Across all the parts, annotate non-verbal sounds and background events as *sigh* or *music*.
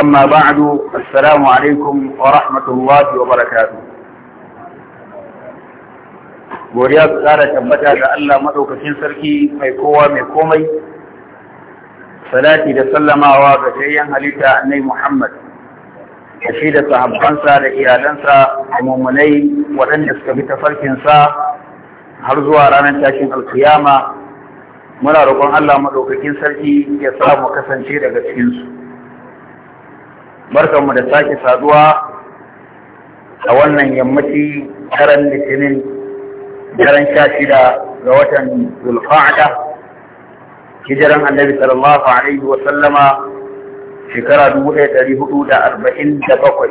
أما بعد السلام عليكم ورحمة الله وبركاته godiya su tsara tabbata ga Allah maɗaukacin sarki mai kowa mai komai salati da sallamawa ga shayyan halitta annai Muhammad da shi da sahabbansa da iyalansa a mummunai waɗanda suka bi tafarkinsa har zuwa ranar tashin alkiyama muna roƙon Allah maɗaukakin sarki ya samu kasance daga cikinsu. barkanmu da sake saduwa a wannan yammaci daren litinin daren sha shida ga watan zulfa'ada hijiran annabi sallallahu alaihi wa sallama shekara dubu ɗaya ɗari hudu da arba'in da bakwai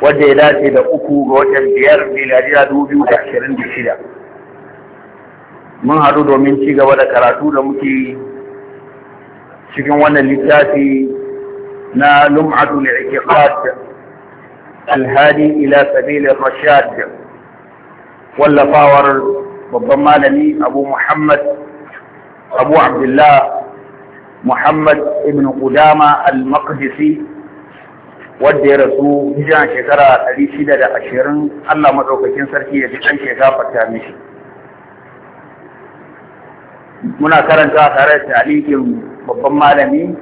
wadda ya dace da uku ga watan biyar miladiya dubu biyu da ashirin da shida mun haɗu domin ci gaba da karatu da muke cikin wannan littafi na lum'atul iqad alhadi ila sabil rashad wallafawar babban malami abu muhammad abu abdullah muhammad ibn qudama al-maqdisi wadda ya rasu hijiran shekara 620 Allah madaukakin sarki ya ji kan shekara mishi muna karanta tare da talikin babban malami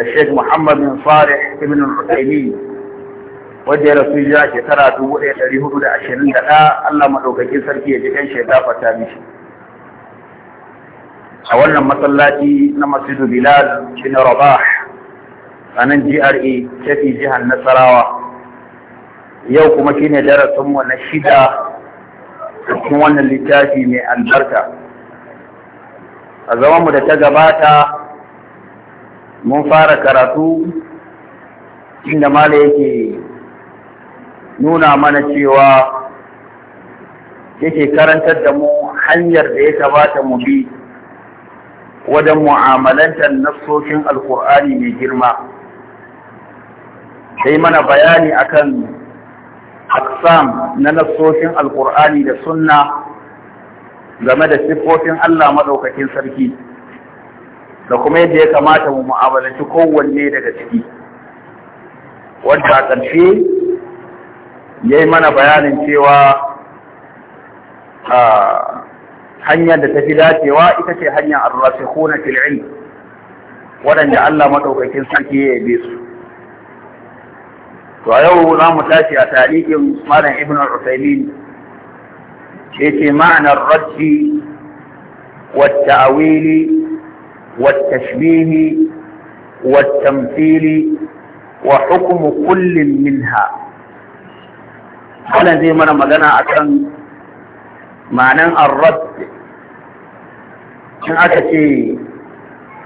الشيخ محمد بن صالح ابن الحسيني wanda ya rasu ya shekara dubu ɗaya ɗari hudu da ashirin da ɗaya Allah maɗaukakin sarki ya ji ɗan shaida ta mishi. A wannan masallaci na Masidu Bilal bin Rabah a nan GRA tafi jihar Nasarawa. Yau kuma shi ne darasinmu na shida cikin wannan littafi mai albarka. A zamanmu da ta gabata mun fara karatu inda mala yake nuna mana cewa yake karantar da mu hanyar da ya kamata mu bi wajen mu'amalantar nassoshin alkur'ani mai girma sai mana bayani akan aksam na nassoshin alkur'ani da sunna game da siffofin Allah maɗaukakin sarki. da kuma yadda ya kamata mu mu'amalanci kowanne daga ciki wanda a ƙarshe ya yi mana bayanin cewa hanyar da ta fi dacewa ita ce hanyar arrasikhuna kuna filin waɗanda Allah maɗaukakin sarki ya yabe su to a yau za mu tashi a tarihin malam ibn al-usaimin ce ce ma'anar rajji wa ta'awili والتشبيه والتمثيل وحكم كل منها wannan zai mana magana akan ma'anan arrad in aka ce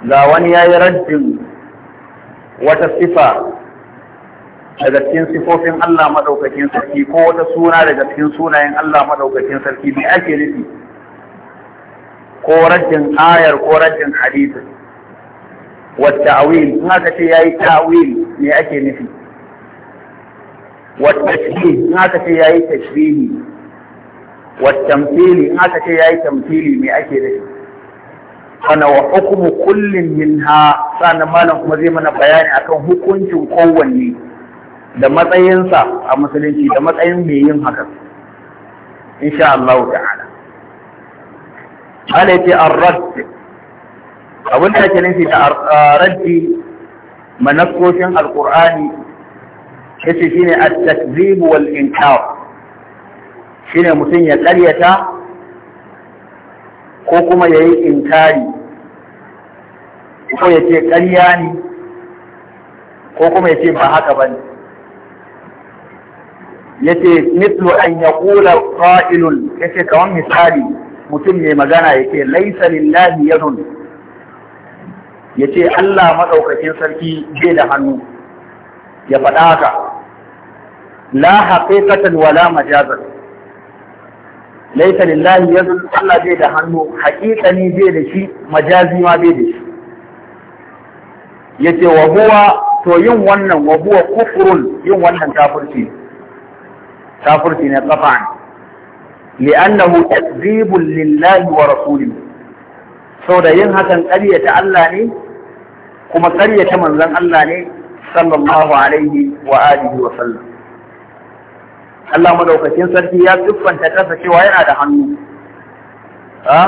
ga wani ya yi raddin wata sifa daga cikin sifofin Allah maɗaukakin sarki ko wata suna daga cikin sunayen Allah maɗaukakin sarki me ake nufi ko raddin ayar ko raddin hadisin wa ta'wil in aka ce yayi ta'wil me ake nufi wa tashbih in aka ce yayi tashbihi wa tamthili in aka ce yayi tamthili me ake nufi sana wa hukumu kullum minha sannan malam kuma zai mana bayani akan hukuncin kowanne da matsayinsa a musulunci da matsayin mai yin haka insha Allah ta'ala ana yace ar-radd abin da ake nufi da raddi al qurani yace shine at-takzib wal inkar shine mutum ya ƙaryata ko kuma yayi inkari ko ya ce ƙarya ne ko kuma ya ce ba haka ba ne mithlu mitlu an ya qa'ilun fa'ilun ya misali mutum mai magana ya ce laisa lillahi yadun ya ce Allah maɗaukakin sarki bai da hannu ya faɗa haka la haqiqatan wala majazan laisa lillahi yadun Allah bai da hannu haƙiƙani bai da shi majazi ma bai da shi ya ce wa huwa to yin wannan wa huwa kufrun yin wannan kafirci kafirci ne kafa'an li'annahu takzibun lillahi wa rasulihi da yin hakan ƙaryata Allah ne kuma ƙaryata manzon Allah ne sallallahu alaihi wa alihi wa sallam Allah madaukakin sarki ya siffanta kansa cewa yana da hannu ha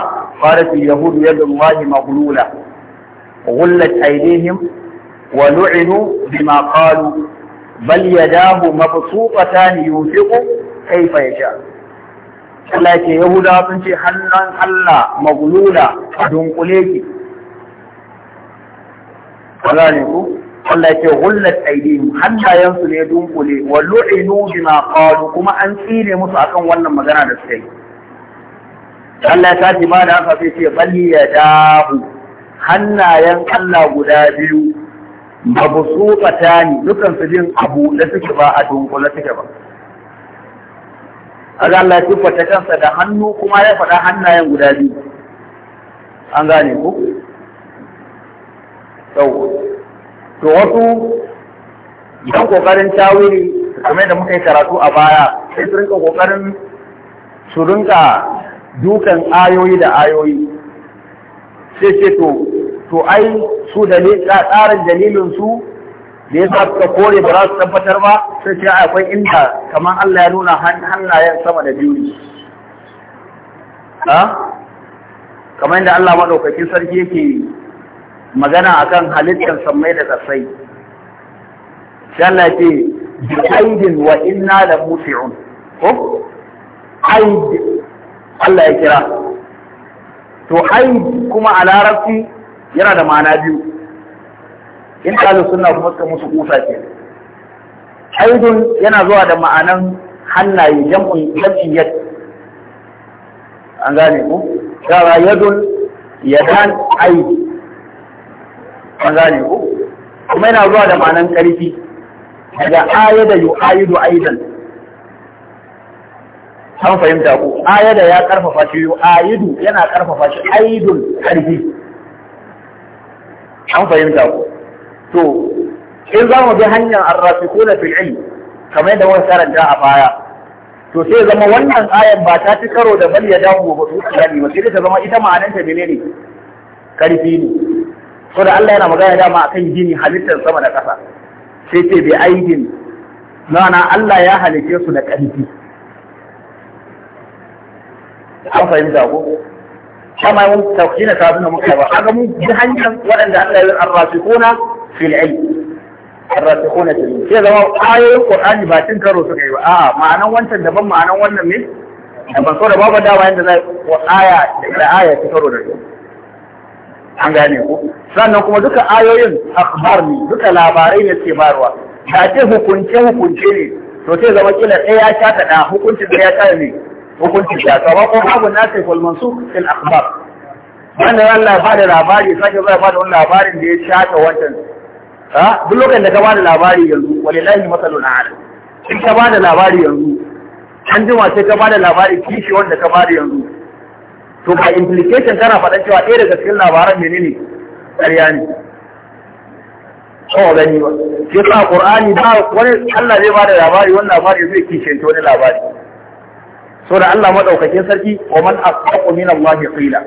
qalat yahudu yadullahi maghlula ghullat aydihim wa lu'inu bima qalu bal yadahu mabsuqatan yunfiqu kayfa yasha' Allah ya ce sun ce hannun Allah maglula a dunkule ki. Wala ne ku? Allah ce hullat aidihim hannayensu ne dunkule wa lu'inu bima qalu kuma an tsire musu akan wannan magana da suka yi. Allah ya tashi ba da haka sai ce balli ya dahu hannayen Allah guda biyu mabsuqatani dukan dukansu jin abu da suke ba a dunkule suke ba. kaga Allah ya siffata kansa da hannu kuma ya faɗa hannayen guda biyu an gane ku to wasu yan ƙoƙarin tawiri kamar da muka yi karatu a baya sai su rinka ƙoƙarin su rinka dukan ayoyi da ayoyi sai ce to ai su tsarin dalilin su da yasa suka kore ba za su tabbatar ba sai ce akwai inda kamar Allah ya nuna hannayen sama da biyu ne kamar yadda Allah maɗaukakin sarki yake magana akan halittar sammai da kasai sai Allah ce bi aidin wa inna la musi'un ko aid Allah ya kira to aid kuma a larabci yana da ma'ana biyu in ɗalin suna kuma suka musu kusa ke aidun yana zuwa da ma'anan hannaye jam'un jam'in yad an gane ku yara yadun yadan aidi an gane ku kuma yana zuwa da ma'anan ƙarfi daga aya da yu aidu aidan an fahimta ku aya da ya karfafa shi yu aidu yana karfafa shi aidun karfi. an fahimta ku to in za mu bi hanyar arrafikuna fil ilm kamar yadda muka karanta a baya to sai zama wannan ayan ba ta ci karo da bal ya dawo ba su kiyami ba sai ta zama ita ma'ananta menene karfi ne so da Allah yana magana dama akan gini halittar sama da ƙasa sai ce bi aidin na Allah ya halice su da ƙarfi an fahimta ko kama yin tafsira ta nuna muka ba kaga mun bi hanyar waɗanda Allah ya na. في العلم الراسخون في العلم كذا zama ayoyin qur'ani ba cin karo suka yi ba a'a ma'anan wancan daban ma'anan wannan ne ban so da babu dama yanda zai aya da aya ta karo da su an gane ku sannan kuma duka ayoyin akhbar ne duka labarai ne ke barwa da ce hukunce hukunce ne to sai zama kila ɗaya ya sha kaɗa hukuncin ɗaya ya kare ne hukuncin ya sha ko babu sai wal mansukh fil akhbar wannan Allah ba da labari sake zai bada da wani labarin da ya sha ta wancan ha duk lokacin da ka bada labari yanzu walillahi masalul a'la in ka bada labari yanzu an jima sai ka bada labari kishi wanda ka bada yanzu to by implication kana faɗan cewa ɗaya daga cikin labaran menene ƙarya ne ko gani ba ke sa qur'ani ba wani Allah zai bada labari wani labari zai kishe wani labari so da Allah maɗaukakin sarki wa man asdaqu min Allah qila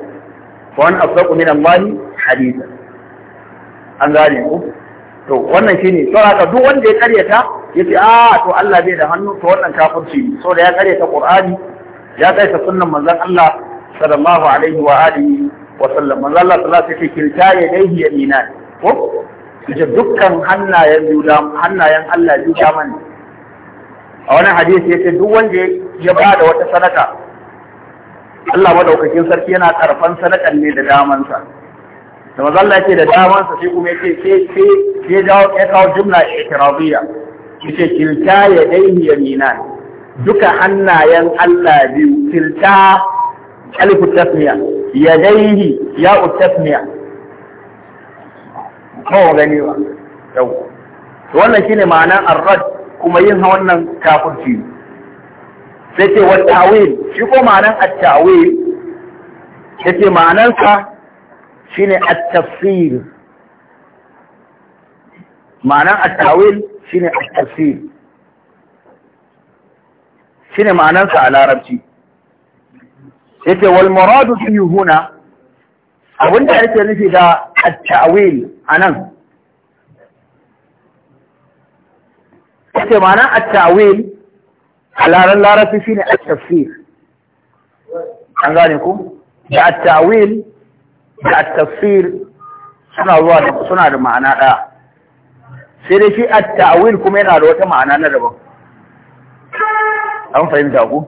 wa man asdaqu min Allah haditha an gane ku to wannan shine to haka duk wanda ya karyata yace a ah, to Allah bai da hannu to wannan kafirci ne so da ya karyata Qur'ani ya karyata sunnan manzon Allah sallallahu alaihi wa alihi wa sallam manzon Allah sallallahu alaihi wa kilta ya dai yamina ko kije dukkan hannayen Juda hannayen Allah Juda man a wani hadisi yace duk wanda ya bada wata sanaka, Allah madaukakin sarki yana karfan sanakan ne da damansa. da manzo Allah da daman sa sai kuma ya ce ke ke jawo ya kawo jumla i'tirabiyya ce kilta ya dai yaminan duka hannayen Allah biyu kilta alifu tasmiya Ya yadaihi ya utasmiya kawo gani ba yau wannan shine ma'anar arrad kuma yin wannan kafirci sai ce wa tawil shi ko ma'anar at-tawil yace ma'anarsa شنو التفصيل معناه التاويل شنو التفصيل شنو معناه على عربي ايه والمراد في هنا او انت نفي ده التاويل انا ايه معنى التاويل على الله في التفسير عن ذلك التاويل da tafsir suna zuwa da suna da ma'ana ɗaya sai dai shi at-ta'wil kuma yana da wata ma'ana na daban an fahimta ku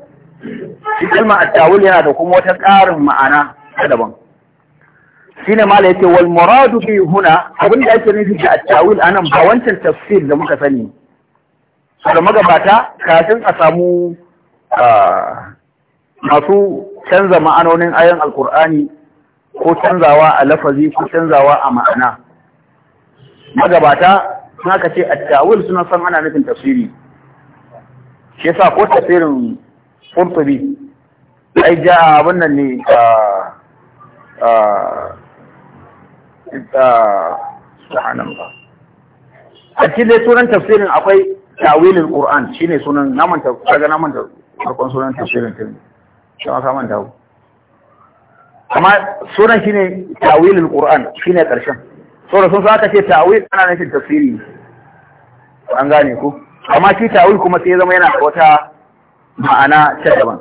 shi kalma at-ta'wil yana da kuma wata ƙarin ma'ana na daban shine mala yake wal muradu bi huna abin da ake nufi da at-ta'wil anan ba wancan tafsir da muka sani da magabata kafin a samu ah, masu canza ma'anonin ayan alkur'ani ko canzawa a lafazi ko canzawa a ma'ana magabata sun haka ce a tawil suna san ana nufin tafsiri shi yasa ko tafsirin furtubi ai ja abin nan ne a ba. A cikin dai sunan tafsirin akwai tawilin qur'an shine sunan namanta kaga namanta farkon sunan tafsirin tun shi ma ka manta amma sunan shine tawilul qur'an shine karshen sauran sun aka ce tawil ana nufin tafsiri an gane ku amma shi tawil kuma sai zama yana wata ma'ana ta daban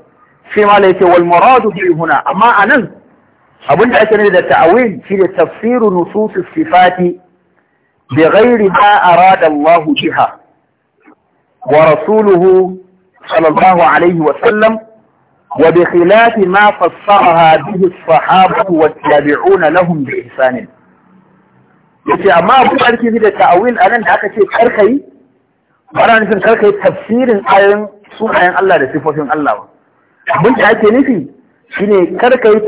shi ma la yace wal muradu bi huna amma anan abin da ake nufi da ta'awil shine tafsiru nusus sifati bi ghairi ma arada Allah biha wa rasuluhu sallallahu alaihi wa sallam وبخلاف ما فسرها به الصحابة والتابعون لهم بإحسان yace amma abu karki da ta'awil anan da aka ce karkai bara nufin karkai tafsirin ayoyin sunayen Allah da sifofin Allah ba abin ake nufi shine yi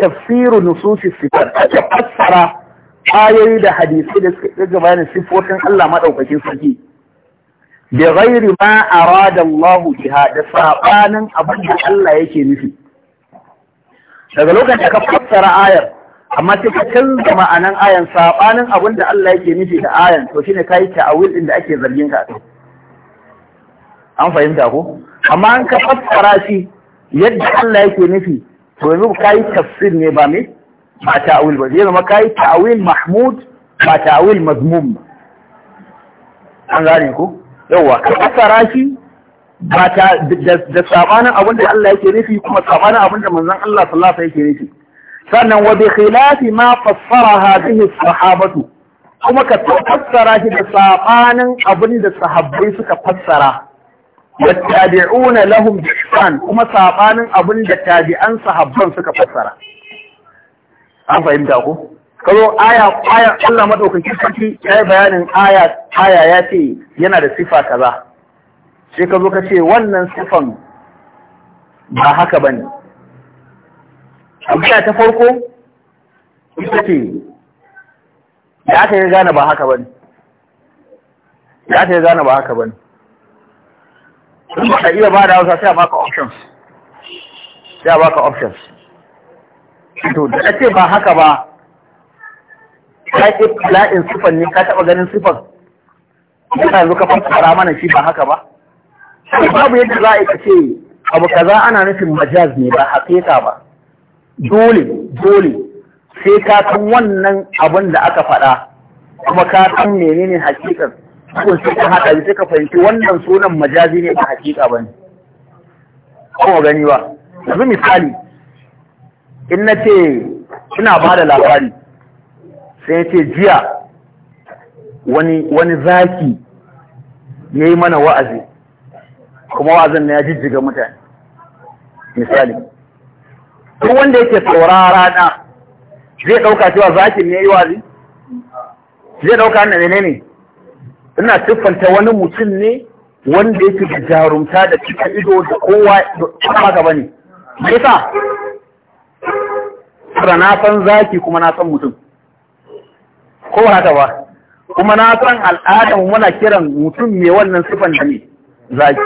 tafsiru nususi sifar ake fassara ayoyi da hadisai da suka ga bayanin sifofin Allah madaukakin sarki da ghairi ma arada allahu biha da sabanin abin da Allah yake nufi daga lokacin da ka fassara ayar amma sai ka canza ma'anan ayan sabanin abin da Allah yake nufi da ayan to shine kai ta'awil din da ake zargin ka an fahimta ko amma an ka fassara shi yadda Allah yake nufi to yanzu kai tafsir ne ba me ba ta'awil ba zai zama kai ta'awil mahmud ba ta'awil mazmum an gane ko yawwa ka fassara shi ba ta da sabanin abin da Allah yake nufi kuma sabanin abin da manzon Allah sallallahu alaihi yake nufi sannan wa bi khilafi ma fassara hadhihi sahabatu kuma ka fassara shi da sabanin abin da sahabbai suka fassara yattabi'una lahum bi ihsan kuma sabanin abin da tabi'an sahabban suka fassara an fahimta ko kazo aya aya Allah madaukaki sarki ya bayanin aya aya ya ce yana da sifa kaza sai kazo ka ce wannan sifan ba haka bane abuya ta farko ita ce ya ta yi gane ba haka bane ya ta yi gane ba haka bane in ba ka iya ba da hausa sai a baka options sai a baka options to da ce ba haka ba ka ibtila'in sifan ne ka taba ganin sifan yana zo ka fara mana shi ba haka ba babu yadda za a yi ce abu kaza ana nufin majaz ne ba haƙiƙa ba dole dole sai ka san wannan abin da aka faɗa kuma ka san menene haƙiƙar kun sai ka haɗa sai ka fahimci wannan sunan majazi ne ba haƙiƙa ba ne kuma gani ba yanzu misali in na ce ina ba da labari sai ce jiya wani zaki ya yi mana wa'azi kuma wa'azin na ya jijjiga mutane misali duk wanda yake saurara na zai ɗauka cewa zakin ne yi wa'azi zai ɗauka na ne? ina tuffanta wani mutum ne wanda yake da jarumta da cikin ido da kowa da gaba ne me yasa na san zaki kuma na san mutum ko ba haka ba kuma na san al'adar muna kiran mutum mai wannan sifan da ne zaki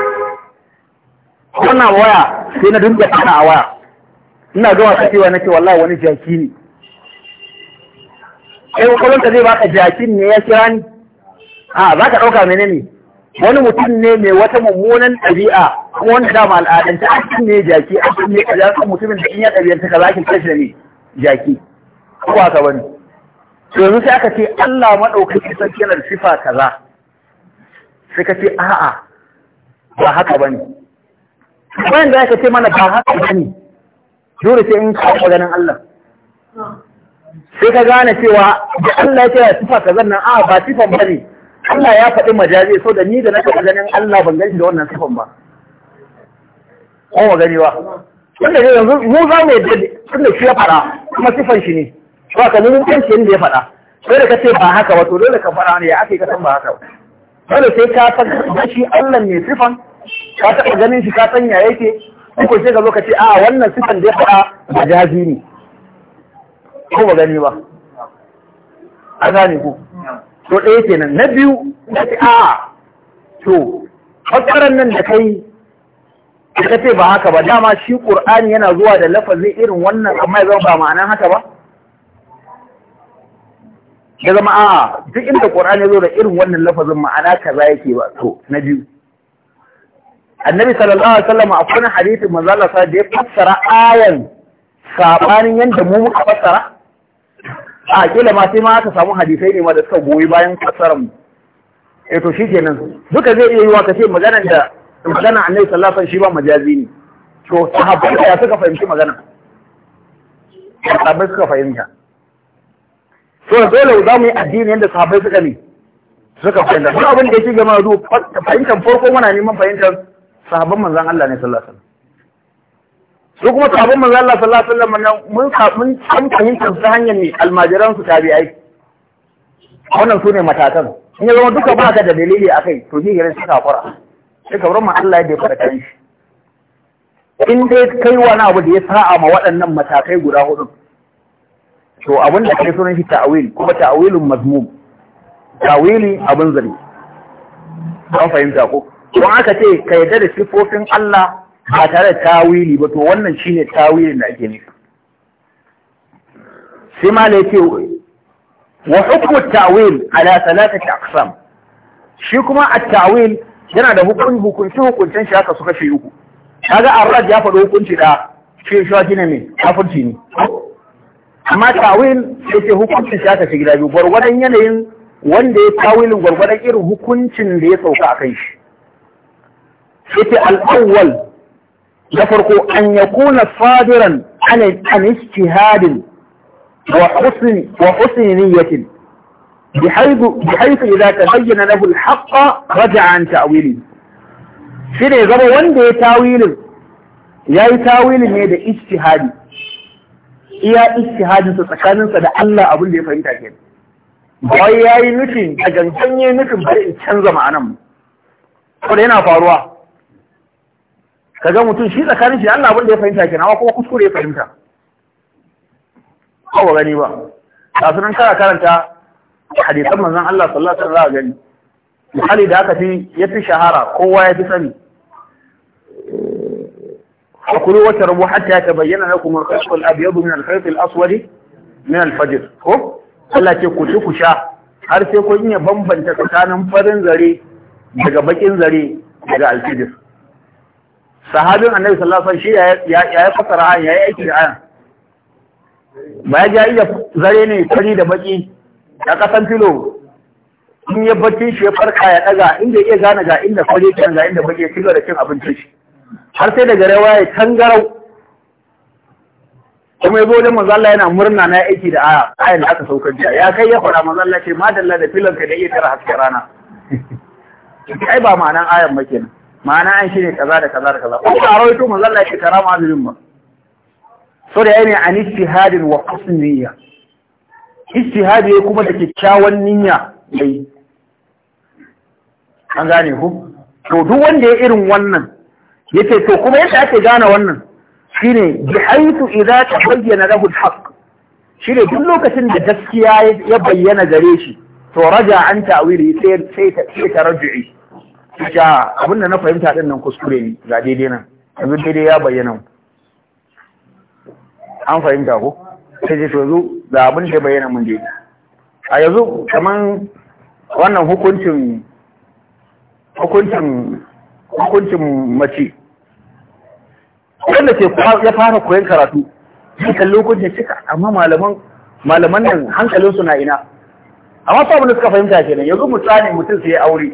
wannan waya sai na dinga tana a waya ina gama kacewa na ce wallahi wani jaki ne sai kwakwalon ka zai baka jakin ne ya kira ni a za ka ɗauka mene ne wani mutum ne mai wata mummunan ɗabi'a kuma wanda dama al'adance a cikin ne jaki a cikin ne kaza mutumin da in ya ɗabi'anta ka za ki kashe ne jaki ko ba ka bane yanzu sai aka ce Allah maɗaukaki sarki yana da sifa kaza sai ka ce a'a ba haka ba ne bayan da aka ce mana ba haka ba ne dole sai in kawo ganin Allah sai ka gane cewa da Allah ya ce ya sifa kaza nan a'a ba sifan ba ne Allah ya faɗi majazi so da ni da na taɓa ganin Allah ban gan da wannan sifan ba ko ma gani ba wanda ne yanzu mu za mu yadda da shi ya fara kuma sifan shi ne ba ka nuna kan shi da ya faɗa sai da ka ce ba haka ba to dole ka faɗa ne ya ake ka ba haka ba dole sai ka san gashi shi Allah ne sifan ka taɓa ganin shi ka san ya yake ko sai ka zo ka ce a wannan sifan da ya faɗa ba jazi ne ko ba gani ba a gane ku to ɗaya kenan na biyu na ce a to fasarar nan da kai da ka ce ba haka ba dama shi Kur'ani yana zuwa da lafazin irin wannan amma ya zama ba ma'anan haka ba ya zama a'a duk inda Qur'ani ya zo da irin wannan lafazin ma'ana kaza yake ba to na biyu Annabi sallallahu alaihi wasallam a wani hadisi manzo Allah sai ya fassara ayan sabanin yanda mu muka fassara a kila ma sai ma aka samu hadisai ne ma da suka goyi bayan fassarar mu eh to shikenan duka zai iya yiwa kace maganar da maganar Annabi sallallahu alaihi wasallam shi ba majazi ne to sahabbai ya suka fahimci magana sahabbai suka fahimta to dole za mu yi addini yadda sahabai suka ne suka fahimta duk abin da yake gama zuwa fahimtar farko muna neman fahimtar sahabban manzon Allah ne sallallahu alaihi wasallam su kuma sahabban manzon Allah sallallahu alaihi wasallam mun mun san fahimtar su hanyar ne almajiran su tabi'ai wannan su ne matakan in ya zama duka baka da dalili a kai, to shi gare suka hakura sai kabarin ma Allah ya bai fara shi in dai kai wani abu da ya sa'a ma waɗannan matakai guda hudu to abin da kai sunan shi ta'awil kuma ta'awilun mazmum ta'awili abin zari ba fahimta ko don aka ce ka yarda da sifofin Allah ba tare da tawili ba to wannan shine tawilin da ake nufi sai ma ne ce wa hukmu ta'wil ala salatati aqsam shi kuma at-ta'wil yana da hukun hukunci hukuncin shi aka suka shi uku kaga arrad ya faɗo hukunci da shi shi ne ne kafirci ne amma tawil sai ce hukuncin shi aka gida biyu gwargwadon yanayin wanda ya tawilin gwargwadon irin hukuncin da ya sauka a kai shi sai ce al'awwal na farko an yakuna sadiran an ijtihadin وحسن وحسن نية ta bayyana إذا تبين له الحق an عن Shi shine zama wanda ya tawilin ya yi tawilin ne da ijtihadi iya istihadin sa tsakaninsa da Allah abin da ya fahimta ke ya yi nufin da gangan yi nufin bari in canza ma'anan mu saboda yana faruwa kaga mutum shi tsakanin shi Allah abin da ya fahimta kenan nawa kuma kuskure ya fahimta ba gani ba kasu nan kara karanta hadisan manzon Allah sallallahu alaihi wasallam gani misali da aka fi yafi shahara kowa ya fi sani akulu wata rabu hatta ta bayyana na kuma kashkul abyadu min al-khayt al-aswadi min al-fajr ko Allah ce ku ci ku sha har sai kun iya bambanta tsakanin farin zare daga bakin zare daga alfijir. fajr sahabin annabi sallallahu alaihi wasallam shi ya ya fasara ayan ya yi aiki da ayan ba ya iya zare ne fari da baki ya kasan filo in ya bacci shi ya farka ya daga inda ya gane ga inda fari ga inda baki ya shiga da cin abincin shi har sai daga rewa ya tangarau kuma ya zo wajen mazalla yana murna na aiki da aya ayan da aka saukar jiya ya kai ya faɗa mazalla ce madalla da filan ka da iya tara hasken rana *laughs* ai ba ma'anan ayan ba kenan ma'ana an shine kaza da kaza da kaza ko ba rawaito mazalla ce karama azumin ba so da yana an hadin wa qasdin niyya ya kuma da kyakkyawan niyya dai an gane ku to duk wanda ya irin wannan yake to kuma yadda ake gane wannan shine bi haitu idza tabayyana lahu al-haq shine duk lokacin da gaskiya ya bayyana gare shi to raja an ta'wili sai sai ta sai ta raj'i ja ah, abinda na fahimta din nan kuskure ne ga daidai nan Abin daidai ya bayyana an fahimta ko sai ce to yanzu ga abin da bayyana mun daidai a yanzu kaman wannan hukuncin hukuncin hukuncin mace wanda ke ya fara koyon karatu kan lokacin da cika amma malaman malaman nan hankalinsu na ina amma su abin suka fahimta kenan yanzu mutane mutum sai ya aure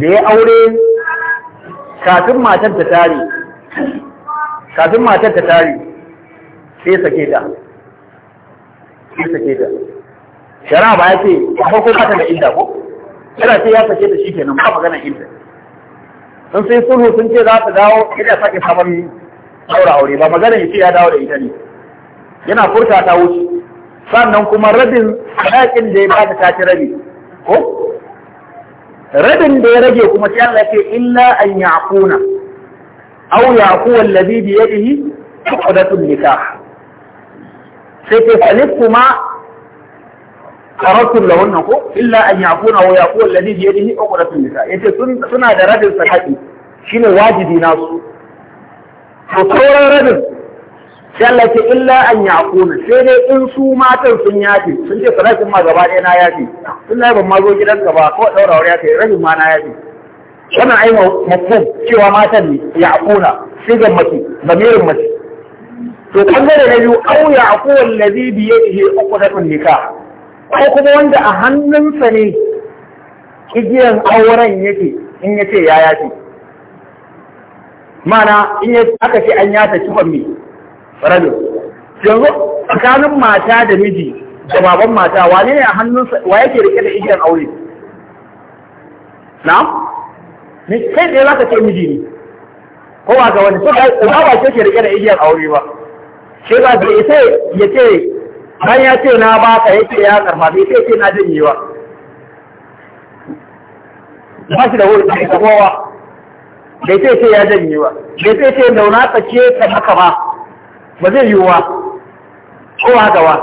da ya aure kafin matar ta tare kafin matar ta tare sai sake ta sai sake ta shara ba ya ce a farko ba ta da inda ko yana sai ya sake ta shi kenan ba magana inda in sun sulhu sun ce za su dawo ina sake sabon daura aure ba magana ya ya dawo da ita ne yana furta ta wuce sannan kuma rabin alaƙin da ya bada ta ci rabi ko rabin da ya rage kuma sai Allah ce illa an yaquna aw yaqu alladhi bi yadihi uqdatun nikah sai ce falif kuma karatun da wannan ko illa an kuna wa lalli alladhi bi yadihi uqratun nisa ce suna da rabin shi ne wajibi nasu to sauran rabin sai ce illa an kuna, sai dai in su matan sun yafi sun ce sarakin ma gaba ɗaya na yafi sun na ban ma zo gidanka ba ko daura ya kai rabin ma na yafi wannan ai mafhum cewa matan ne kuna, sai ga mace merin mace to bangare na biyu au yaqul alladhi bi yadihi uqratun nika. ko kuma wanda a hannunsa ne igiyar auren yake in ya ce ya yafi mana in ya aka ce an yata cikon mai rabin yanzu tsakanin mata da miji da baban mata wane ne a hannunsa wa yake rike da igiyar aure na ne kai da zaka ce miji ne ko ba ga wani so ba ba ce ke rike da igiyar aure ba sai ba da ya ce Ban ya ce na ba ka yake ya karfa sai sai ce na janyewa. Ba shi da wurin da kowa. Bai sai ce ya janyewa. Bai sai ce dauna tsakiye ta maka ba. Ba zai yiwuwa. Ko haka ba.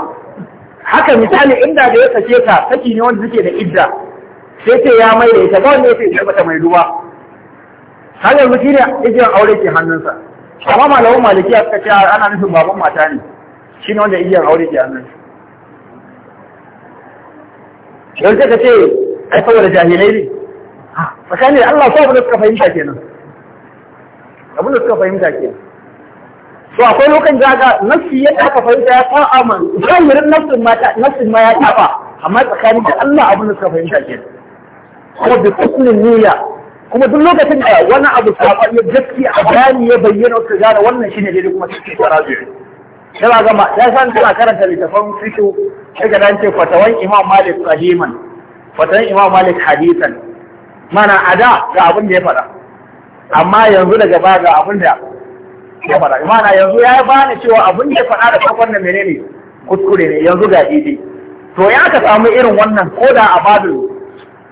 Haka misali inda da ya sace ta saki ne wanda suke da idda. Sai ce ya mai da ita ba wanda ya ce ya bata mai ruwa. Har yanzu shi ne ijiyar aure ke hannunsa. Amma malamin malikiya suka ce ana nufin baban mata ne. shi ne wanda igiyar aure ke annan don ka ce ai saboda jahilai ne tsakani da Allah su abin da suka fahimta kenan abin da suka fahimta kenan To akwai lokacin da aka nafsi yadda aka fahimta ya fa'a man zahirin nafsin ma nafsin ma ya taɓa amma tsakani da Allah abin da suka fahimta kenan kuma bi kullin niyya kuma duk lokacin da wani abu saɓa ya gaskiya a bayani ya bayyana ka gane wannan shine daidai kuma cikin tarajiyu Tana gama, ya san tana karanta littafan fiqh sai ka dace fatawan Imam Malik qadiman, fatawan Imam Malik hadisan. Mana a da ga abin da ya faɗa. Amma yanzu daga baya ga abin da ya faɗa. Mana yanzu ya bani cewa abin da ya faɗa da farkon nan menene kuskure ne yanzu ga idi. To ya ka samu irin wannan ko da a babin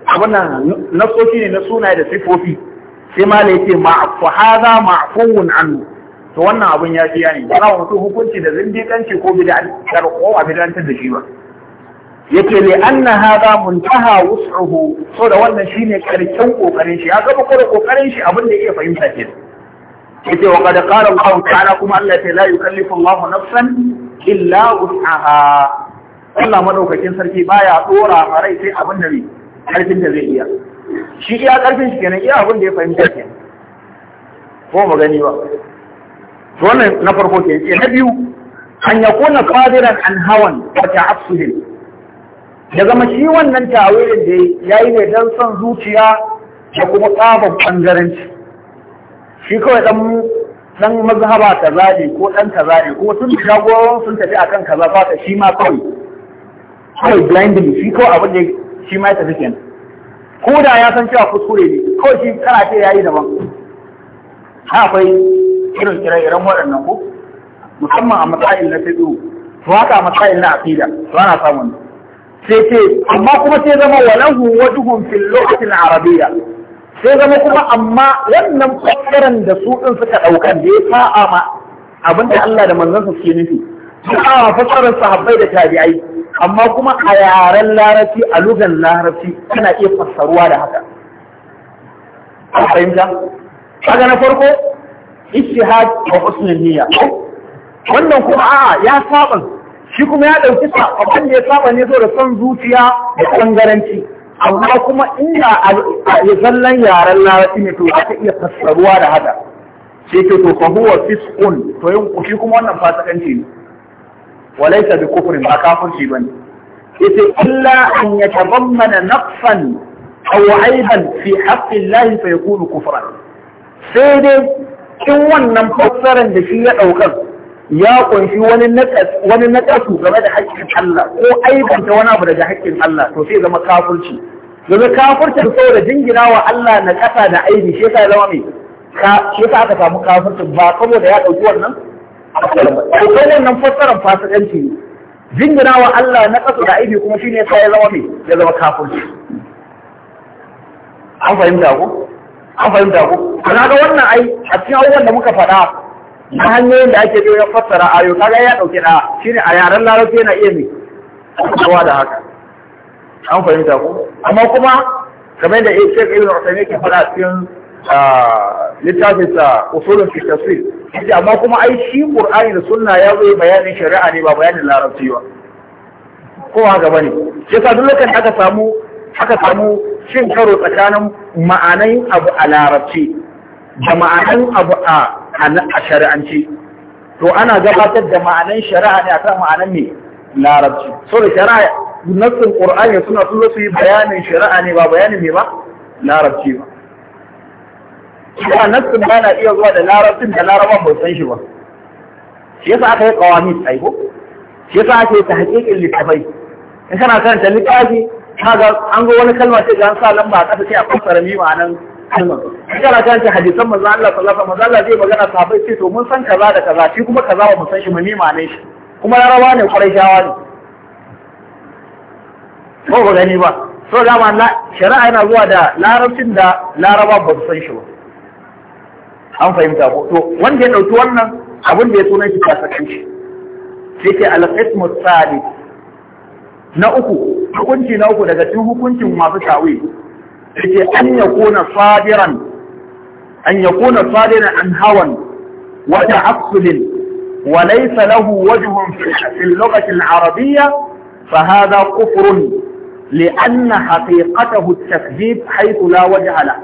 abin nan nasoki ne na sunaye da sifofi sai ma da ce ma'afu haza ma'afuwun annu to wannan abin ya fiya ne ba za mutum hukunci da zindiƙanci ko bid'ar ko a bid'antar da shi ba yake li anna hadha muntaha wus'uhu so da wannan ne karshen ƙoƙarin shi ya gaba da ƙoƙarin shi abin da iya fahimta ke yake wa qad ƙara Allah ta'ala kuma Allah ta la yukallifu Allah nafsan illa wus'aha Allah madaukakin sarki baya dora a rai sai abin da ƙarfin da zai iya shi iya ƙarfin shi kenan iya abin da ya fahimta ke ko magani ba to wannan na farko ke ce na biyu an ya kona qadiran an hawan ta ta'assuhin ya zama shi wannan tawirin da yayi ne dan son zuciya da kuma tsabar bangaranci shi kawai dan dan mazhaba ta ne ko dan ta ne ko sun shagoron sun tafi akan kaza fata shi ma kawai kawai blindly shi kawai abin da shi ma ya tafi kenan ko da ya san cewa kuskure ne kawai shi kana ce yayi daban akwai irin ire-iren waɗannan ko musamman a matsayin na fiɗo to haka a matsayin na aqida to ana samun sai ce amma kuma sai zama walahu wajhun fil lughati arabiyya sai zama kuma amma wannan bangaren da su ɗin suka ɗauka da ya sa'a ma abinda Allah da manzansa suke nufi su a fasarar sahabbai da tabi'ai amma kuma a yaren larabci a lugan larabci tana iya fassaruwa da haka. An fahimta? Kaga na farko ijtihad wa husnul wannan kuma a'a ya saba shi kuma ya dauki sabon da ya saba ne da son zuciya da son garanti amma kuma inda ya zallan yaren larabci ne to aka iya fassaruwa da haka sai ke to fa huwa fisqun to yin shi kuma wannan fasikanci ne walaysa bi kufurin ba kafirci bane yace illa an yatabammana naqsan aw aiban fi haqqi Allah fa yakunu kufran sai dai cikin wannan fassarar da shi ya ɗaukar ya ƙunshi wani naƙasu game da haƙƙin Allah ko aibanta wani abu daga haƙƙin Allah to sai zama kafurci domin kafurcin saboda jingina wa Allah na ƙasa da aibi shi yasa zama mai shi yasa aka samu kafurcin ba saboda ya ɗauki wannan ɗaukar wannan fassarar fasikanci ne jingina wa Allah na ƙasa da aibi kuma shi ne yasa ya zama mai ya zama kafurci an fahimta ko an fahimta ku kana ga wannan ai a cikin abubuwan da muka faɗa na hanyoyin da ake biyo ya fassara ayo kaga ya dauke da shine a yaren larabci yana iya mai kowa da haka an fahimta ku amma kuma kamar da ya ce ibn ke yake faɗa cikin littafin sa usulun fi tafsir yace amma kuma ai shi Qur'ani da Sunna ya zo bayanin shari'a ne ba bayanin larabci ba kowa gaba ne yasa duk lokacin aka samu aka samu cin karo tsakanin ma'anai abu a larabci da ma'anan abu a shari'anci to ana gabatar da ma'anan shari'a ne a kan ma'anan ne larabci so da shari'a nassin qur'ani suna sun su yi bayanin shari'a ne ba bayanin ne ba larabci ba kuma nassin ba na iya zuwa da larabcin da laraban bai san shi ba shi yasa aka yi qawamis aiko shi yasa ake tahqiqin littafai in kana karanta littafi kaga an ga wani kalma sai ga an sa lamba a ƙasa sai a fassara mi ma'anan kalmar kana kan ta hadisan manzo Allah sallallahu alaihi wasallam zai magana sahabbai sai to mun san kaza da kaza shi kuma kaza ba mu san shi ba, mi ma'anan shi kuma rawa ne shawa ne ko ba gani ba so dama shari'a yana zuwa da larabcin da laraba ba su san shi ba an fahimta ko to wanda ya dauki wannan abin da ya sunan shi kasakan shi sai ke alqismu thalith na uku hukunci na uku daga cikin hukuncin masu tawi yake an ya kona sadiran an ya kona sadiran an hawan wa aksulin wa laysa lahu wajhun fi al-lughati al-arabiyya fa hadha kufrun haqiqatahu at-takdhib haythu la wajha la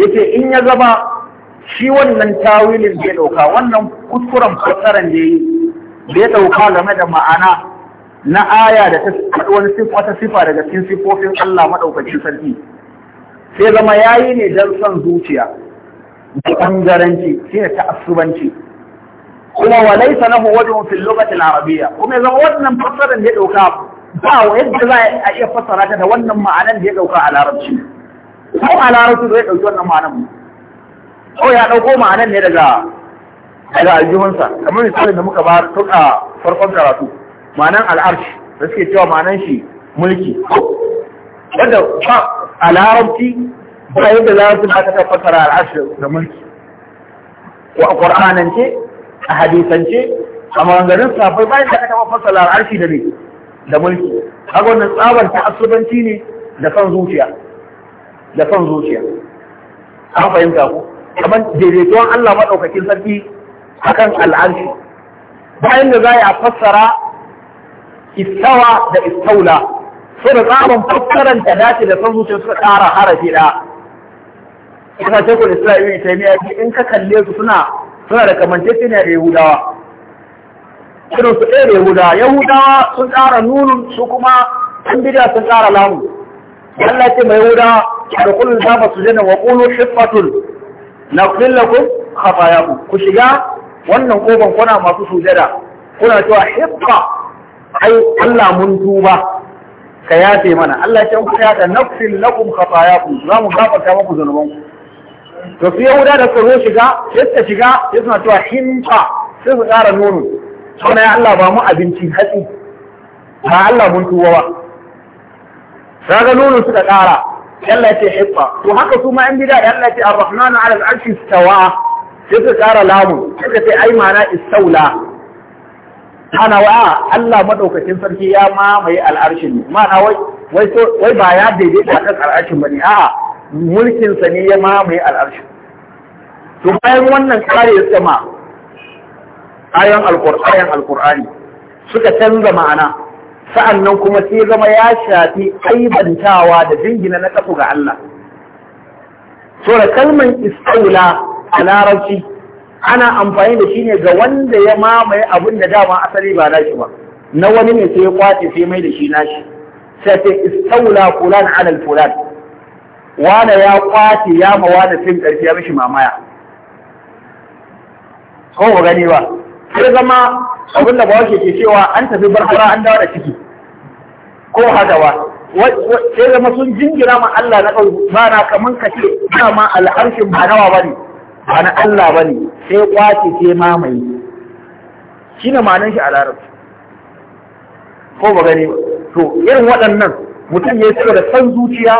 yake in ya zaba shi wannan tawilin da ya dauka wannan kuskuren fassaran da yi bai dauka game da ma'ana na aya da ta wani wata sifa daga cikin sifofin Allah maɗaukacin sarki sai zama yayi ne don son zuciya da ɓangaranci shi ne ta'assubanci kuma walaisa lahu wajhun fil lughati al arabiyya kuma zama wannan fassara da ya dauka ba yadda za a iya fassara ta da wannan ma'anar da ya dauka a larabci ko a larabci da ya dauki wannan ma'anar ko ya dauko ma'anar ne daga daga aljihunsa kamar misalin da muka ba tuka farkon karatu Manan al'arsh da suke cewa ma'anan shi mulki wanda a larabci ba yadda larabci ba ta fassara al'arsh da mulki ko a qur'anance a hadisance a maganganun safai bayan da aka fassara al'arshi da ne da mulki kaga tsabar ta asubanci ne da son zuciya da son zuciya an fahimta ku kamar daidaituwan Allah maɗaukakin sarki akan al'arshi bayan da za a fassara istawa da istaula so da tsarin fassaran da dace da san zuciya suka ƙara harafi da ita ce ku islami ta yi in ka kalle su suna suna da suna da yahudawa irin su ɗaya da yahudawa yahudawa sun ƙara nunun su kuma an bida sun tsara lamu Allah ce mai yahudawa da kullum za ba su jana wa kullu shifatul na kullakun khafayaku ku shiga wannan koban kuna masu sujada kuna cewa hifa ai Allah mun tuba ka yafe mana Allah ya ku yafe nafsin lakum khatayakum za mu gafarta muku zanuban ku to su yahuda da suka shiga sai suka shiga ya suna cewa himfa sai su ƙara nono sauna ya Allah ba mu abincin hatsi ba Allah mun tuba ba kaga nono suka ƙara Allah ya ce himfa to haka su ma an bida Allah ya ce ar-rahmanu 'ala al-'arshi istawa sai suka ƙara lamun suka ce ai ma'ana istaula ana wa ah, Allah madaukakin sarki ya mamaye al'arshin ma'ana wai wai wai ba ya daidaita kan al'arshin bane a'a mulkin sa ne ya mamaye al'arshin to bayan wannan kare sama ayan alqur'ani alqur'ani suka canza ma'ana sa'annan kuma sai zama ya shafi aibantawa da jingina na kafu ga Allah so da kalman istaula a larabci ana amfani da shi ne ga wanda ya mamaye abin da dama asali ba nashi ba na wani ne sai ya kwace sai mai da shi nashi sai sai istaula fulan alal fulan wane ya kwace ya ma wane fin karfi ya mishi mamaya ko ba gani ba sai zama abin da bawa ke cewa an tafi barbara an dawo da ciki ko haka ba sai zama sun jingira ma Allah na ba na kaman kace ma al'arshin ba nawa ba ne. ba na Allah ba ne sai kwace ke mamaye shi ne manan shi a larabci ko ba gani to irin waɗannan mutum ya yi saboda san zuciya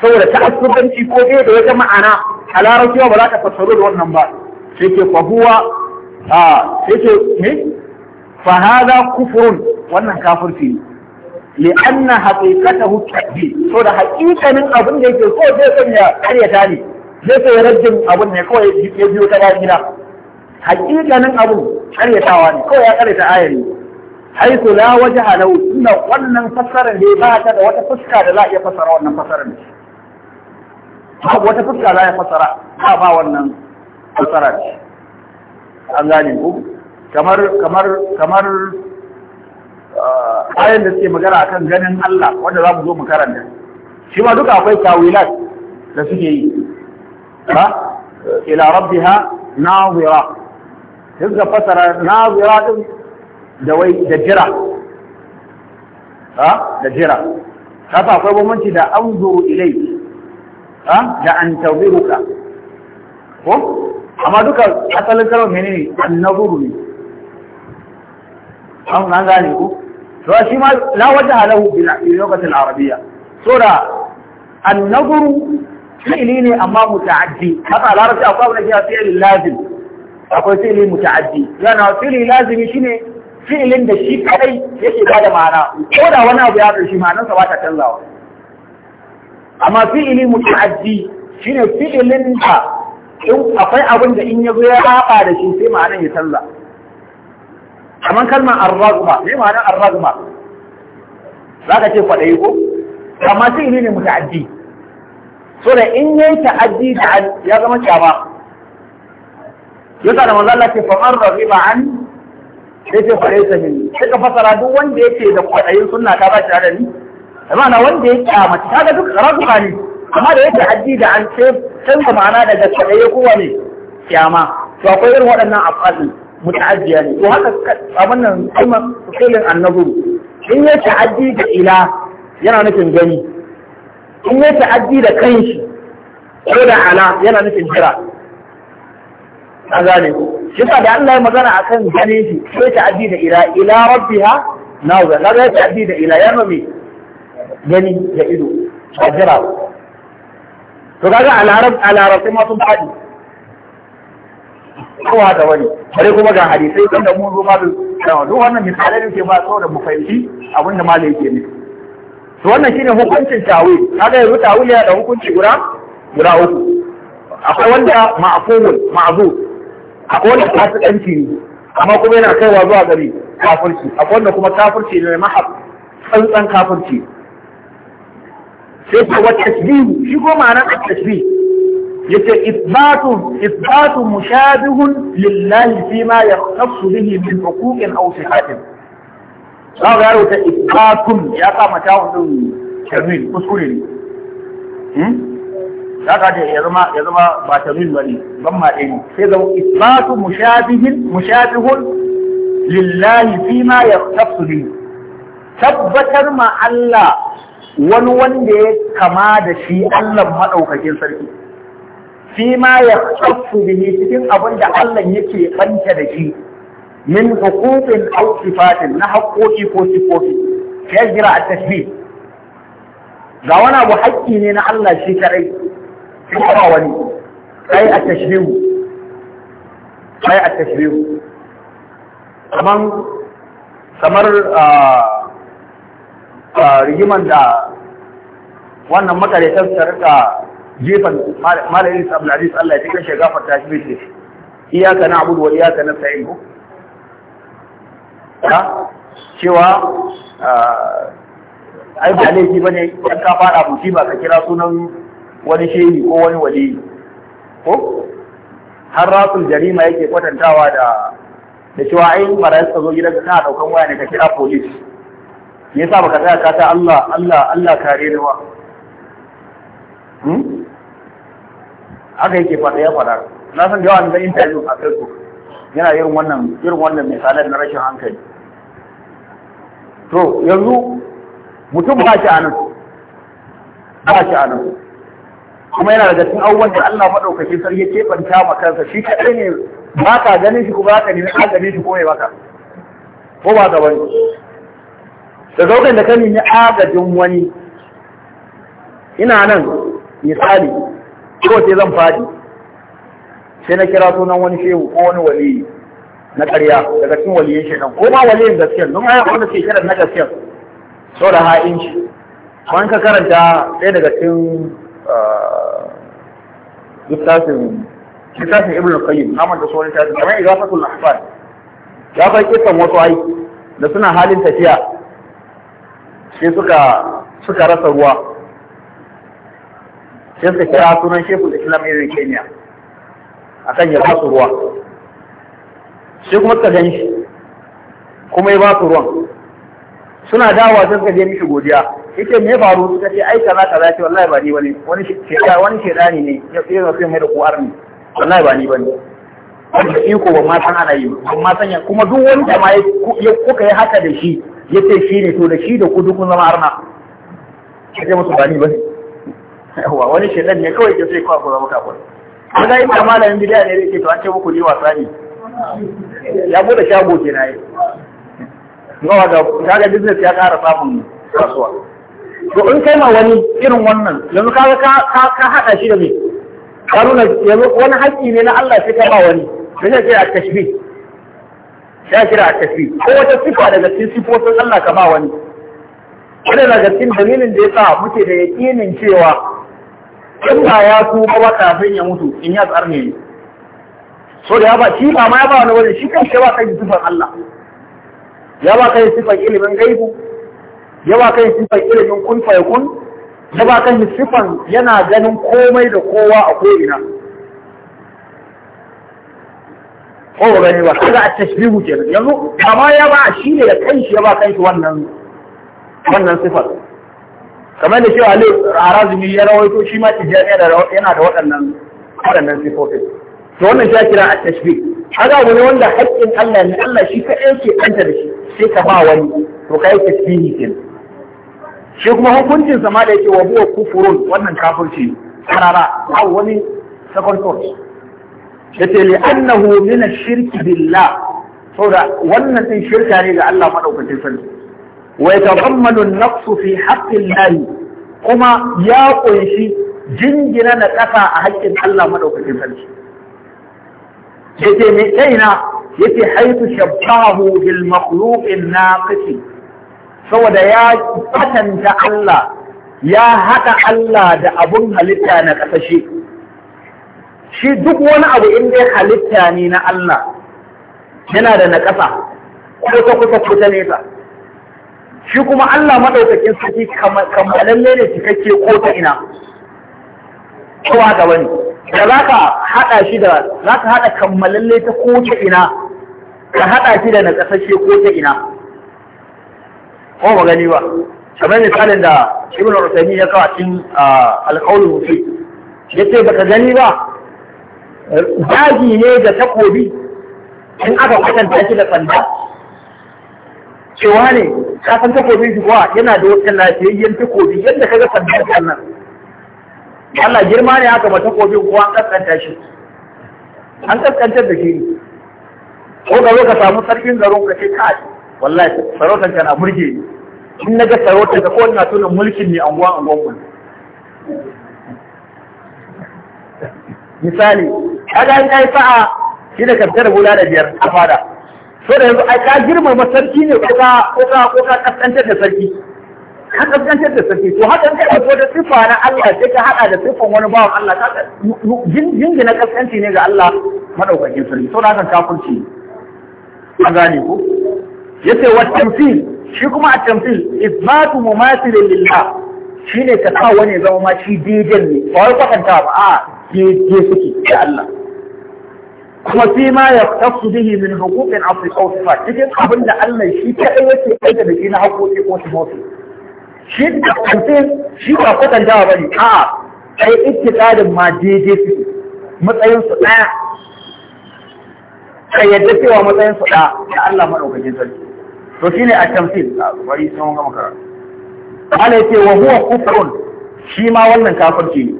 saboda ta'assubanci ko ɗaya da wata ma'ana a larabci ba za ka fassaro da wannan ba sai ke fahuwa a sai ke me fahaza kufurun wannan kafirci ne لأن حقيقته tadbi so da haƙiƙanin abin da yake so zai sanya karyata ne sai sai rajin abun ne kawai ya biyo ta ba gida hakikanin abun karyatawa ne kawai ya karyata ayar ne haisu la waje halau tunda wannan fassarar ne ba ta da wata fuska da za a iya fassara wannan fassarar ne babu wata fuska za a fassara ba ba wannan fassara ne. an gane ku kamar kamar kamar ah, ayan da suke magana akan ganin Allah wanda za mu zo mu karanta shi ma duka akwai tawilat da suke yi ila rabbiha nazira duk da fasara nazira din da wai da jira ha da jira kafa akwai bambanci da anzuru ilai ha da an tawbiruka ko amma duka asalin kalmar menene annaburu ne an nan gane ku to shi ma la wajaha lahu bil lokacin arabiyya so da annaburu fi'ili ne amma muta'addi haka larabci akwai wani da ke fi'ili lazim akwai fi'ili muta'addi yana fi'ili lazimi shine fi'ilin da shi kai yake ba da ma'ana ko da wani abu ya ma'anar sa ba ta canzawa amma fi'ili muta'addi shine fi'ilin da in akwai abin da in yazo ya saba da shi sai ma'anar ya canza kamar kalmar arragma ne ma'anar arragma zaka ce kwaɗayi ko amma fi'ili ne muta'addi so da in yayi ta'addi da ya zama kyama yasa da manzo Allah famar da man an sai ce fare ta min sai ka fasara duk wanda yake da kwadayin sunna ta ba shi da ni ma'ana wanda yake kyama kaga duk rabuka ne amma da yake addi da an ce ka ma'ana daga kwadaye kowa ne, kyama to akwai irin waɗannan afali muta'addiya ne to haka abin nan kuma filin annabu. in ya da ila yana nufin gani in ya ta'addi da kanshi ko da ala yana nufin jira a gane shi sa da Allah ya magana akan ganin shi ko ya ta'addi da ila ila rabbiha nawza kaga ya ta'addi da ila ya mame gani da ido a jira to kaga a larab a larab sai ma sun fadi kowa da wani bare kuma ga hadisai kan da mun zo ma duk wannan misalai ne ke ba saboda mu fahimci abin da malai yake nufi to wannan shine hukuncin tawil kaga yanzu tawil ya da hukunci guda guda uku akwai wanda ma'fumun ma'zu akwai wanda fasikanci ne amma kuma yana kaiwa zuwa gari kafirci akwai wanda kuma kafirci ne mahab tsantsan kafirci sai ce wa tasbihu shi ko ma'anar tasbih yace isbatu isbatu mushabihun lillahi fima yahtassu bihi min huquqin aw sihatin za ga yaro ta ikatun ya sa mata wannan shamil kuskure ne hmm? za ka ya zama ya zama ba tamil bane ban ma ɗaya sai zama isbatu mushabihin mushabihun lillahi fi ma yaqtasu bi tabbatar ma Allah wani wanda ya kama da shi Allah maɗaukakin sarki fi ma ya yaqtasu ne cikin abin da Allah yake banta da shi min huquqin aw sifatin na haƙoƙi ko sifofi sai jira a tashbih ga wani abu haƙƙi ne na Allah shi kadai sai ba wani sai a tashbih sai a tashbih kaman kamar rigiman da wannan makarantar ta rika jefan malayin Abdulaziz Allah ya cikin shagafarta shi ne iyaka na abudu wa iyaka na sa'in ha cewa ah, ai ba laifi bane in ka fara ba ka kira sunan wani shehi ko wani wali ko har rasul jarima yake kwatantawa da da cewa ai barayi suka zo gidan kana daukan waya ne ka kira police me yasa baka tsaya ka ta Allah Allah Allah kare ni ba hmm? haka yake faɗa ya faɗa na san da yawa na interview a Facebook yana irin wannan irin wannan misalan na rashin hankali to yanzu mutum ba shi anan ba shi anan kuma yana daga cikin abubuwan da Allah shi, sarki ya kebanta ma kansa shi kadai ne ba ka ganin shi kuma ka nemi ka ganin shi ko mai baka ko ba ka bane da zaukan da ka nemi agajin wani ina nan misali ko sai zan fadi sai na kira sunan wani shehu ko wani wali na ƙarya daga cikin waliyin shi ko ma waliyin gaskiya don haya wanda ke kira na gaskiya sau da ha'inci Ban ka karanta ɗaya daga cikin ah, littafin littafin ibn al-qayyim naman da so littafin kamar igafatul ahfad ya kai kisan wasu aiki da suna halin tafiya sai suka suka rasa ruwa sai suka kira sunan shekul islam ibn kenya akan ya ba su ruwa sai kuma suka gan shi kuma ya ba su ruwan suna dawa sun ka je mishi godiya yake me faru suka ce ai kaza kaza ce wallahi ba ni bane wani shedani wani shedani ne ya tsira da kai da ku ne wallahi ba ni bane wani ko ba ma san ana yi amma sanya kuma duk wani jama'a ya kuka yi haka da shi yace shi ne to da shi da ku duk kun zama arna je musu ba ni bane *laughs* yawa wani shedan ne kawai ke sai kawai ku zama kafin kaga in da malamin bid'a ne yake to an ce muku ni wasa ne ya bude shago ke na nayi nawa da kaga business ya kara samun kasuwa to in kai ma wani irin wannan yanzu kaga ka ka hada shi da me ka nuna yanzu wani haƙƙi ne na Allah sai ka ba wani sai ka kira tashbih ya kira tashbih ko wata sifa daga cikin sifofin Allah ka ba wani wannan daga cikin dalilin da yasa muke da yaƙinin cewa in ba ya su ba kafin ya mutu in ya tsar ne so da ya ba shi ba ma ya ba wani wani shi kan shi ba kai sifar Allah ya ba kai sifar ilimin gaibu ya ba kai sifar ilimin kun fa yakun ya ba kai sifar yana ganin komai da kowa a ina ko ba gani ba kaga a tashbihu kenan yanzu amma ya ba shi ne da kanshi ya ba kanshi wannan wannan sifar kamar da cewa Ali Harazimi ya rawaito shi ma tijani yana da waɗannan waɗannan sifofin to wannan ya kira at-tashbih haka wani wanda haƙƙin Allah ne Allah shi ka ke ɗanta da shi sai ka ba wani to kai tasbihi kenan shi kuma hukuncin sama da yake wa huwa kufurun wannan kafirci karara ba wani second thought yace li annahu min ash-shirk billah saboda wannan din shirka ne ga Allah madaukakin sarki Wai yatadammalu an-naqsu fi haqqi Allah kuma ya ƙunshi jingina na ƙasa a haƙƙin Allah madaukakin sarki yace me kaina yace haitu shabbahu bil makhluqin naqisi saboda ya fatanta Allah ya haɗa Allah da abun halitta na ƙasashe shi duk wani abu in dai halitta ne na Allah yana da naƙasa? ƙasa ko ta kusa kusa nesa shi kuma Allah maɗaukakin sarki kammalalle ne cikakke ko ta ina cewa gaba ne da za ka haɗa shi da za ka haɗa kammalalle ta ko ta ina ka haɗa shi da na ƙasashe ko ta ina ko ba gani ba kamar misalin da ibn Usaymin ya kawo cikin alƙawlin ce ba baka gani ba daji ne da takobi in aka kwatanta shi da sanda cewa ne kasan takobin shi kuwa yana da wata lafiyayyen takobi yadda kaga sandan sannan Allah girma ne haka ba takobin kuwa an kaskanta shi an kaskantar da shi ko ga zo ka samu sarkin garin ka ce kai wallahi sarautar ka na burge ni in ga sarautar ka ko ina tunan mulkin ne anguwan anguwan mu misali kaga an kai sa'a shi da kaftar gula da biyar a fada to da yanzu ai ka girmama sarki ne ko ka ko ka ko ka kaskantar da sarki ka kaskantar da sarki to haka kai ko da sifa na Allah sai ka hada da sifan wani bawan Allah ka jingina kaskanci ne ga Allah madaukakin sarki to da hakan kafirci a gane ko yace wa tamthil shi kuma a tamthil isbatu mumathilin lillah shine ka sa wani zama ma shi daidan ne ba wai kwatanta ba a ke suke da Allah kuma fi ma ya tasu bihi min hukumin afi kawfa cikin abin da Allah shi kaɗai yake aika da shi na haƙoƙi ko su shi da kante shi ba kwatantawa ba ne? a'a kai ittiqadin ma daidai su matsayin su ɗaya ka yadda cewa matsayin su ɗaya da Allah madaukakin sarki to shine a tamsil bari sai mun gama karatu Allah yake wa huwa kufrun shi ma wannan kafirci ne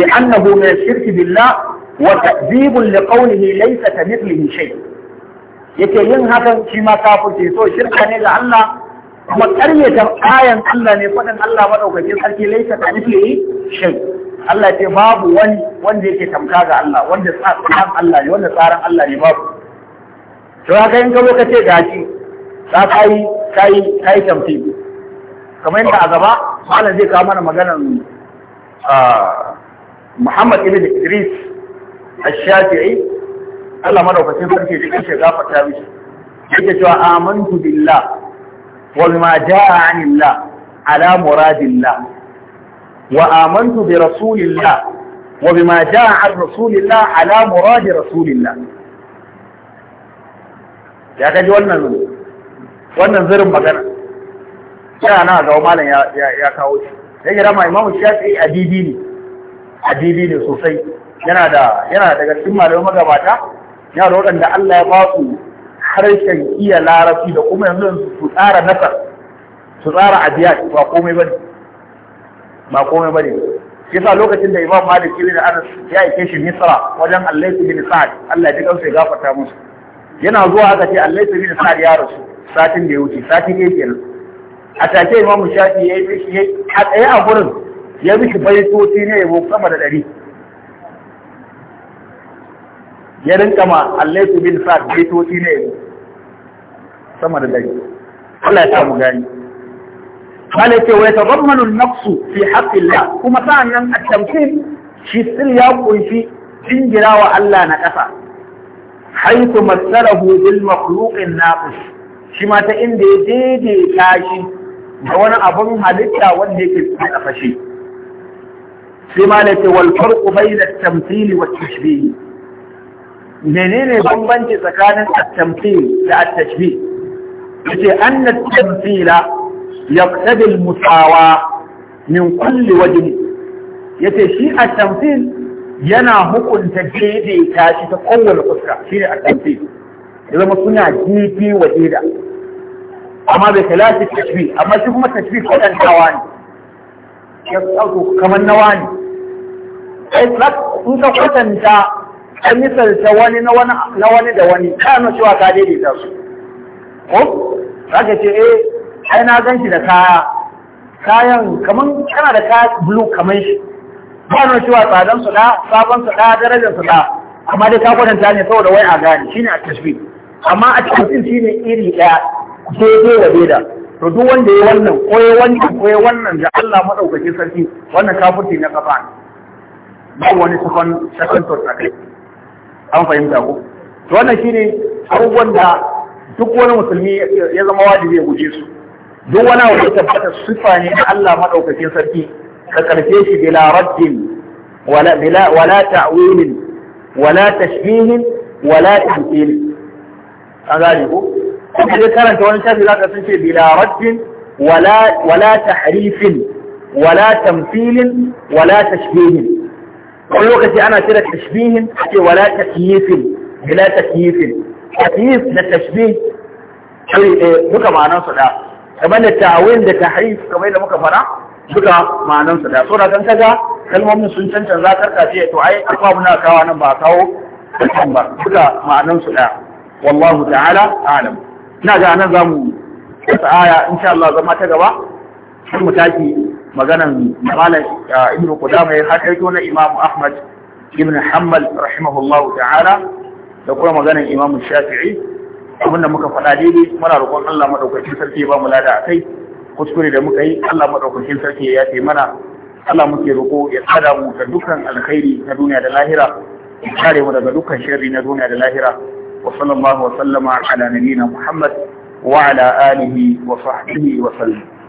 li'annahu min shirki billah wa tadibun li qawlihi laysa kamithlihi shay yake yin hakan shi ma kafirce so shirka ne ga Allah kuma karyata ayan Allah ne faɗin Allah madaukakin sarki laysa kamithlihi shay Allah ce babu wani wanda yake tamka ga Allah wanda tsarin Allah ne wanda tsarin Allah ne babu to haka in ka lokace gashi ka kai kai kai tamfi kamar yadda a gaba malam zai kawo mana maganar ah, Muhammad ibn Idris ash-shafi'i Allah madaukakin sarki da kike gafarta mishi yake cewa amantu billah wal ma jaa anillah ala muradillah wa amantu bi rasulillah wa bima jaa an rasulillah ala murad rasulillah ya kaji wannan wannan zirin magana yana na ga malam ya ya kawo shi yake rama imamu shafi'i adibi ne adibi ne sosai yana da yana daga cikin malamai magabata yana da waɗanda Allah ya ba su harshen iya larabci da kuma yanzu su tsara nasar su tsara ajiya ba komai bane ba komai bane yasa lokacin da Imam Malik ibn Anas ya aike shi Misra wajen Allah ibn Sa'd Allah ya ji kansa ya gafarta musu yana zuwa aka ce Allah ibn Sa'd ya rasu satin da ya wuce satin ne kenan a take Imam Shafi ya yi mishi a tsaye a gurin ya mishi baitoci ne yabo sama da ɗari ya rinka ma allaitu bin sa'ad gaitoci ne sama da dai Allah ya samu gani kala ce wa yatadammanu an-nafsu fi haqqillah kuma sa'an nan at-tamkin shi sir ya kunshi dingirawa Allah na kasa haitu masarahu bil makhluqin naqis shi ma ta inda ya dede kashi da wani abun halitta wanda yake cikin kafashi sai ma ne ce wal farqu bayna at-tamthili wat menene bambanci tsakanin at-tamthil da at-tashbih yace anna at-tamthila yaqtadi al-musawa min kulli wajh yace shi at-tamthil yana hukunta daidaita shi ta kowane fuska shine at-tamthil ya zama suna daidai wa daida amma bai kalashi tashbih amma shi kuma tashbih kwatantawa ne ya tsauko kamar nawa ne sai in ka kwatanta ka misalta wani na wani da wani kano cewa ka daidaita su ko Raka ce eh ai na shi da kaya kayan kaman kana da kaya blue kamar shi ba na cewa tsadan su da sabon su da darajar su da amma dai ka kwatanta ne saboda wai a gane ne a tashbih amma a cikin ne iri daya daidai wa daidai to duk wanda ya wannan koye wannan koye wannan da Allah madaukakin sarki wannan kafirci na kafa ba wani sakon sakon to an fahimta ko to wannan shine abubuwan da duk wani musulmi ya zama wajibi ya guje su duk wani abu da tabbata sifa ne na Allah madaukakin sarki ka karfe shi bila raddin wala bila wala ta'wilin wala tashbihin wala tamthil an gane ko kuma dai karanta wani shafi zaka san ce bila raddin wala wala tahrifin wala tamthilin wala tashbihin wani lokaci ana cire tashbihin ake wala takyifin bila takyifin takyif da tashbih shiri eh, ɗaya duka ma'anan su da kamar da ta'awil da tahrif kamar da muka fara duka ma'anan su da so da kan kaga kalmomin sun cancanza karka ce to ai akwa muna kawo nan ba kawo kan ba duka ma'anan su da wallahu ta'ala alam ina ga nan zamu wata aya insha Allah zama ta gaba mu taki maganan malam ah, ibnu qudama ya haɗa wannan imamu ahmad ibn hanbal rahimahullahu ta'ala da kuma maganan imamu shafi'i abinda muka faɗa daidai muna roƙon Allah madaukakin sarki ba mu lada akai kuskure da muka yi Allah madaukakin sarki ya yafe mana Allah muke roƙo ya tsada mu da dukkan alkhairi na duniya da lahira ya kare mu daga dukkan sharri na duniya da lahira wa sallallahu wa sallama ala nabiyina Muhammad wa ala alihi wa sahbihi wa sallam